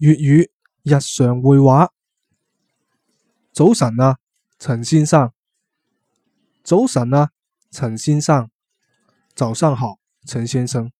粵語日常會話。早晨啊，陳先生。早晨啊，陳先生。早上好，陳先生。